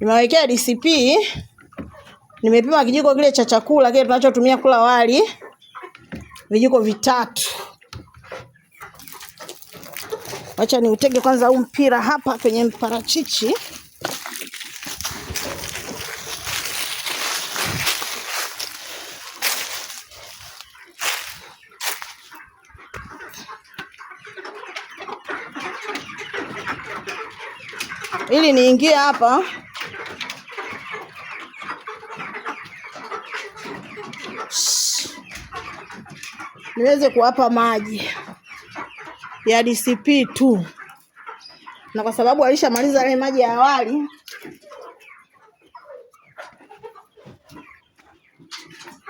nimewekea DCP, nimepima kijiko kile cha chakula kile tunachotumia kula wali, vijiko vitatu. Acha niutege kwanza huu mpira hapa kwenye mparachichi. ili niingie hapa niweze kuwapa maji ya DCP tu, na kwa sababu alishamaliza yale maji ya awali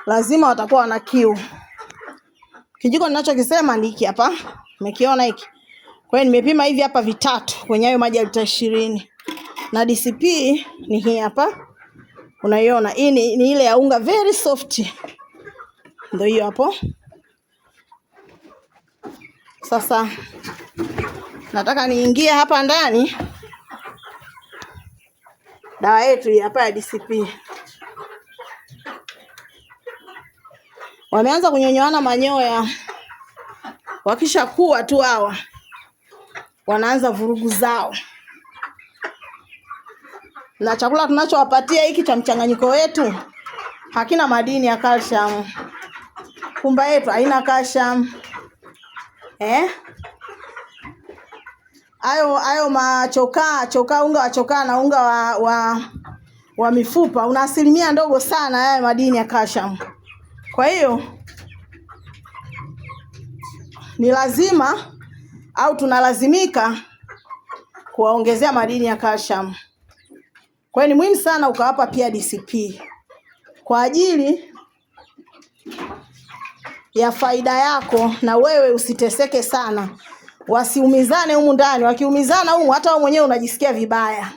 lazima watakuwa wana kiu. Kijiko ninachokisema ni hiki hapa, umekiona hiki. Kwa hiyo nimepima hivi hapa vitatu kwenye hayo maji ya lita ishirini na DCP ni hii hapa, unaiona hii ni, ni ile ya unga very soft, ndio hiyo hapo. Sasa nataka niingie hapa ndani dawa yetu hapa ya DCP. Wameanza kunyonyoana manyoya, wakisha kuwa tu hawa wanaanza vurugu zao, na chakula tunachowapatia hiki cha mchanganyiko wetu hakina madini ya calcium. Pumba yetu haina calcium eh? Hayo machokaa chokaa, unga wa chokaa na unga wa, wa wa mifupa una asilimia ndogo sana haya madini ya calcium. Kwa hiyo ni lazima au tunalazimika kuwaongezea madini ya calcium. Kwa hiyo ni muhimu sana ukawapa pia DCP kwa ajili ya faida yako, na wewe usiteseke sana, wasiumizane humu ndani. Wakiumizana humu, hata wewe mwenyewe unajisikia vibaya.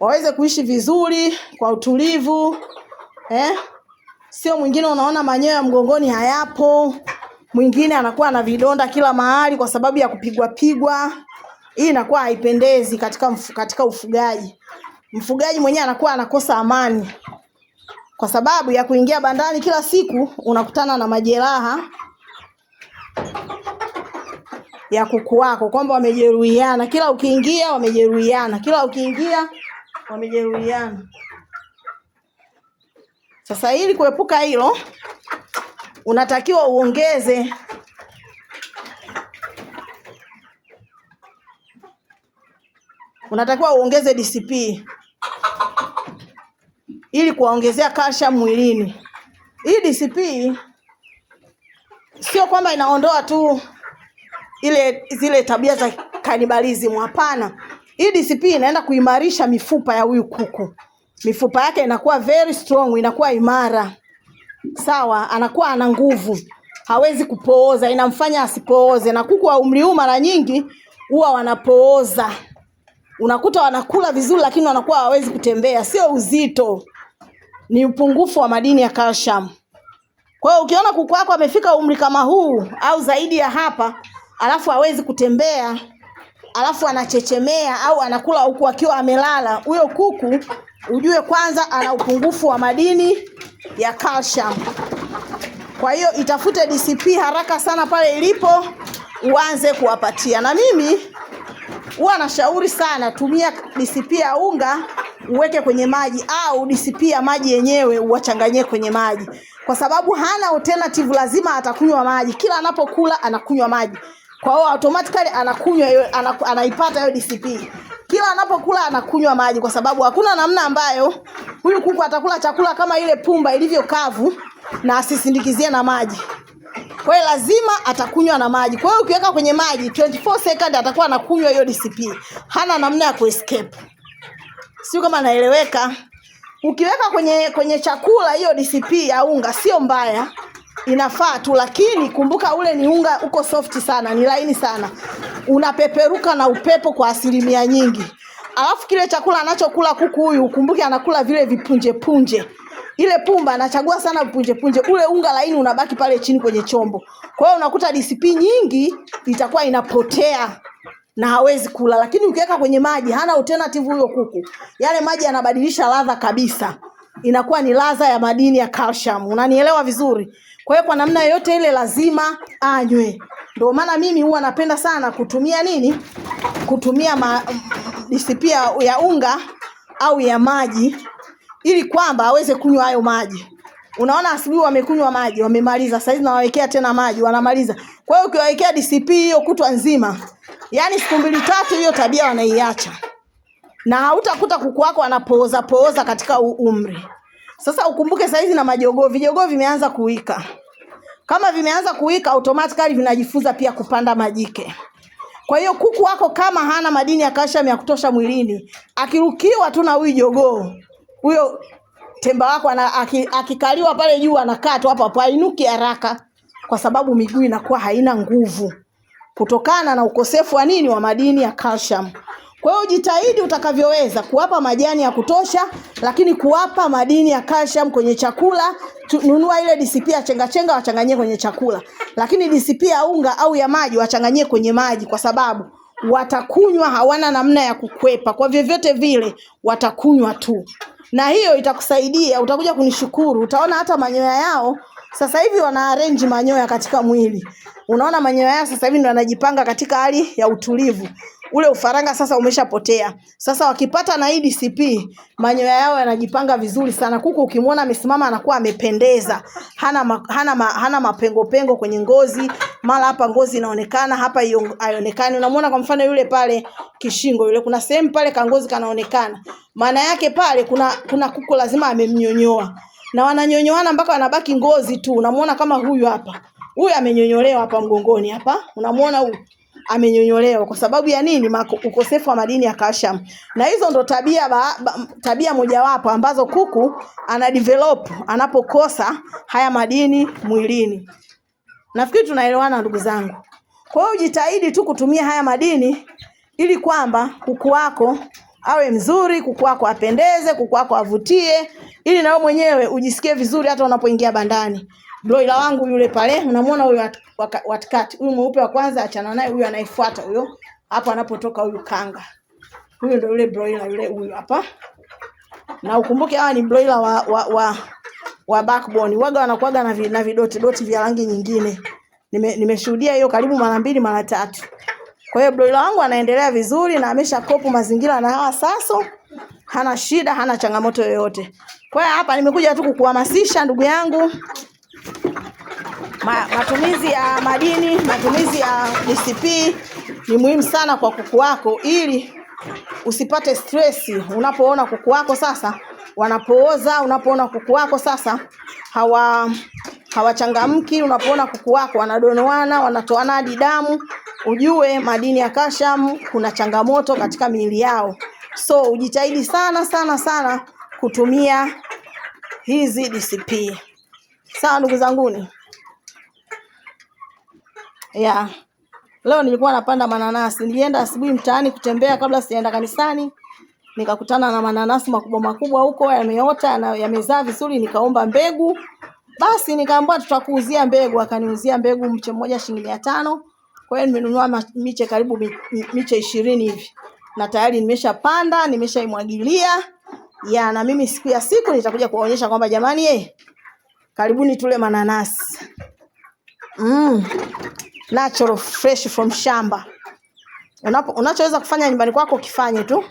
Waweze kuishi vizuri kwa utulivu eh? Sio mwingine unaona manyoya mgongoni hayapo, mwingine anakuwa na vidonda kila mahali kwa sababu ya kupigwa pigwa. Hii inakuwa haipendezi katika mf, katika ufugaji. Mfugaji mwenyewe anakuwa anakosa amani kwa sababu ya kuingia bandari kila siku unakutana na majeraha ya kuku wako, kwamba wamejeruhiana kila ukiingia, wamejeruhiana kila ukiingia, wamejeruhiana. Sasa ili kuepuka hilo, unatakiwa uongeze unatakiwa uongeze DCP ili kuwaongezea kasha mwilini. Hii DCP sio kwamba inaondoa tu ile zile tabia za kanibalizimu, hapana. Hii DCP inaenda kuimarisha mifupa ya huyu kuku, mifupa yake inakuwa very strong, inakuwa imara, sawa, anakuwa ana nguvu, hawezi kupooza, inamfanya asipooze. Na kuku wa umri huu mara nyingi huwa wanapooza, unakuta wanakula vizuri, lakini wanakuwa hawawezi kutembea, sio uzito ni upungufu wa madini ya calcium. Kwa hiyo ukiona kuku wako amefika umri kama huu au zaidi ya hapa, alafu hawezi kutembea, alafu anachechemea au anakula huku akiwa amelala, huyo kuku ujue kwanza ana upungufu wa madini ya calcium. Kwa hiyo itafute DCP haraka sana pale ilipo, uanze kuwapatia. Na mimi huwa nashauri sana, tumia DCP ya unga uweke kwenye maji au disipia maji yenyewe uwachanganyie kwenye maji, kwa sababu hana alternative, lazima atakunywa maji. Kila anapokula anakunywa maji, kwa hiyo automatically anakunywa hiyo, anaipata hiyo DCP. Kila anapokula anakunywa maji, kwa sababu hakuna namna ambayo huyu kuku atakula chakula kama ile pumba ilivyo kavu na asisindikizie na maji. Kwa hiyo lazima atakunywa na maji. Kwa hiyo ukiweka kwenye maji 24 second atakuwa anakunywa hiyo DCP, hana namna ya kuescape sio kama naeleweka. Ukiweka kwenye kwenye chakula hiyo DCP ya unga sio mbaya, inafaa tu, lakini kumbuka ule ni unga uko soft sana, ni laini sana, unapeperuka na upepo kwa asilimia nyingi. Alafu kile chakula anachokula kuku huyu, ukumbuke anakula vile vipunje punje ile pumba anachagua sana vipunje punje, ule unga laini unabaki pale chini kwenye chombo. Kwa hiyo unakuta DCP nyingi itakuwa inapotea na hawezi kula, lakini ukiweka kwenye maji hana alternative huyo kuku. Yale maji yanabadilisha ladha kabisa, inakuwa ni ladha ya madini ya calcium. Unanielewa vizuri? Kwa hiyo kwa namna yoyote ile lazima anywe. Ndio maana mimi huwa napenda sana kutumia nini, kutumia ma, mm, DCP ya unga au ya maji, ili kwamba aweze kunywa hayo maji. Unaona, asubuhi wamekunywa maji, wamemaliza. Sasa hivi nawawekea tena maji, wanamaliza. Kwa hiyo ukiwawekea DCP hiyo kutwa nzima Yaani siku mbili tatu hiyo tabia wanaiacha, na hautakuta kuku wako anapooza pooza katika umri. Sasa ukumbuke saizi na majogoo, vijogoo vimeanza kuwika. Kama vimeanza kuwika, automatically vinajifunza pia kupanda majike. Kwa hiyo kuku wako kama hana madini ya kalsiamu ya kutosha mwilini, akirukiwa tu na huyu jogoo huyo temba wako akikaliwa pale juu anakaa tu hapo hapo, hainuki haraka, kwa sababu miguu inakuwa haina nguvu kutokana na ukosefu wa nini wa madini ya calcium. Kwa hiyo jitahidi utakavyoweza kuwapa majani ya kutosha, lakini kuwapa madini ya calcium kwenye chakula. Nunua ile DCP ya chenga chenga, wachanganyie kwenye chakula, lakini DCP ya unga au ya maji wachanganyie kwenye maji, kwa sababu watakunywa, hawana namna ya kukwepa. Kwa vyovyote vile watakunywa tu, na hiyo itakusaidia. Utakuja kunishukuru, utaona hata manyoya yao sasa hivi wana arrange manyoya katika mwili. Unaona manyoya yao sasa hivi ndo yanajipanga katika hali ya utulivu. Ule ufaranga sasa umeshapotea. Sasa wakipata na hii manyoya yao yanajipanga vizuri sana. Kuku ukimwona amesimama anakuwa amependeza. Hana ma, hana ma, hana mapengo pengo kwenye ngozi. Mara hapa ngozi inaonekana, hapa haionekani. Unamwona kwa mfano yule pale kishingo yule kuna sehemu pale kangozi kanaonekana. Maana yake pale kuna kuna kuku lazima amemnyonyoa na wananyonyoana mpaka wanabaki ngozi tu. Unamuona kama huyu hapa, huyu amenyonyolewa hapa mgongoni hapa, unamuona huyu amenyonyolewa kwa sababu ya nini? Mako, ukosefu wa madini ya calcium. Na hizo ndo tabia ba, ba, tabia mojawapo ambazo kuku ana develop anapokosa haya madini mwilini. Nafikiri tunaelewana ndugu zangu. Kwa hiyo jitahidi tu kutumia haya madini ili kwamba kuku wako awe mzuri, kuku wako apendeze, kuku wako avutie ili na mwenyewe ujisikie vizuri hata unapoingia bandani. Broila wangu yule pale, unamwona huyu watikati, huyu mweupe wa kwanza, achana naye, huyu anayefuata huyo hapo anapotoka huyu kanga. Huyu ndio yule broila yule, huyu hapa. Na ukumbuke hawa ni broila wa wa wa, wa backbone. Waga wanakuaga na vi, na vidoti doti vya rangi nyingine. nimeshuhudia Nime hiyo karibu mara mbili mara tatu. Kwa hiyo broila wangu anaendelea vizuri na ameshakopu mazingira na hawa saso. Hana shida, hana changamoto yoyote. Kwa hiyo hapa nimekuja tu kukuhamasisha ndugu yangu ma, matumizi ya madini, matumizi ya DCP ni muhimu sana kwa kuku wako ili usipate stress unapoona kuku wako sasa wanapooza, unapoona kuku wako sasa hawa hawachangamki, unapoona kuku wako wanadonoana, wanatoanadi damu, ujue madini ya calcium kuna changamoto katika miili yao. So ujitahidi sana sana sana kutumia hizi DCP. Sawa ndugu zanguni, ya Leo nilikuwa napanda mananasi, nilienda asubuhi mtaani kutembea kabla sijaenda kanisani, nikakutana na mananasi makubwa makubwa huko yameota na yamezaa vizuri, nikaomba mbegu. Basi nikaambiwa tutakuuzia mbegu, akaniuzia mbegu mche mmoja shilingi mia tano. Kwa hiyo nimenunua miche karibu miche ishirini hivi na tayari nimeshapanda, nimeshaimwagilia ya na mimi siku ya siku nitakuja kuwaonyesha kwamba jamani, eh, karibuni tule mananasi mm, natural fresh from shamba. Unapo, unachoweza kufanya nyumbani kwako kifanye tu,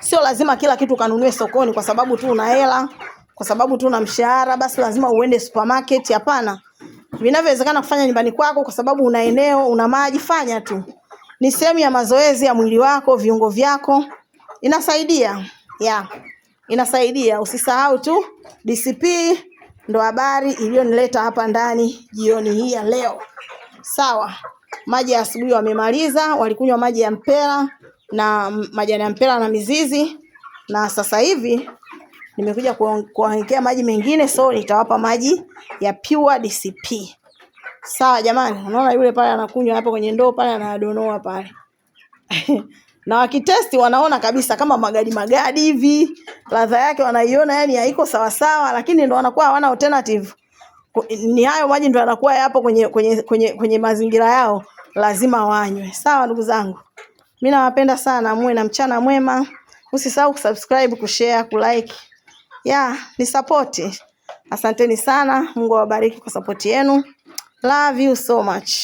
sio lazima kila kitu kanunue sokoni kwa sababu tu una hela, kwa sababu tu una mshahara, basi lazima uende supermarket. Hapana, vinavyowezekana kufanya nyumbani kwako kwa sababu una eneo, una maji, fanya tu. Ni sehemu ya mazoezi ya mwili wako, viungo vyako, inasaidia yeah inasaidia. Usisahau tu DCP, ndo habari iliyonileta hapa ndani jioni hii ya leo. Sawa, maji ya asubuhi wamemaliza, walikunywa maji ya mpera na majani ya mpera na mizizi, na sasa hivi nimekuja kuwawekea maji mengine, so nitawapa maji ya pure DCP. Sawa jamani, unaona yule pale anakunywa hapo kwenye ndoo pale, anadonoa pale na wakitesti wanaona kabisa kama magadi magadi hivi, ladha yake wanaiona, yani haiko sawa sawa, lakini ndo wanakuwa hawana alternative. Ni hayo maji ndo yanakuwa yapo kwenye, kwenye, kwenye, kwenye mazingira yao, lazima wanywe. Sawa ndugu zangu, mimi nawapenda sana, muwe na mchana mwema. Usisahau kusubscribe, kushare, kulike, ya ni support. Asanteni sana, Mungu awabariki kwa support yenu. Love you so much.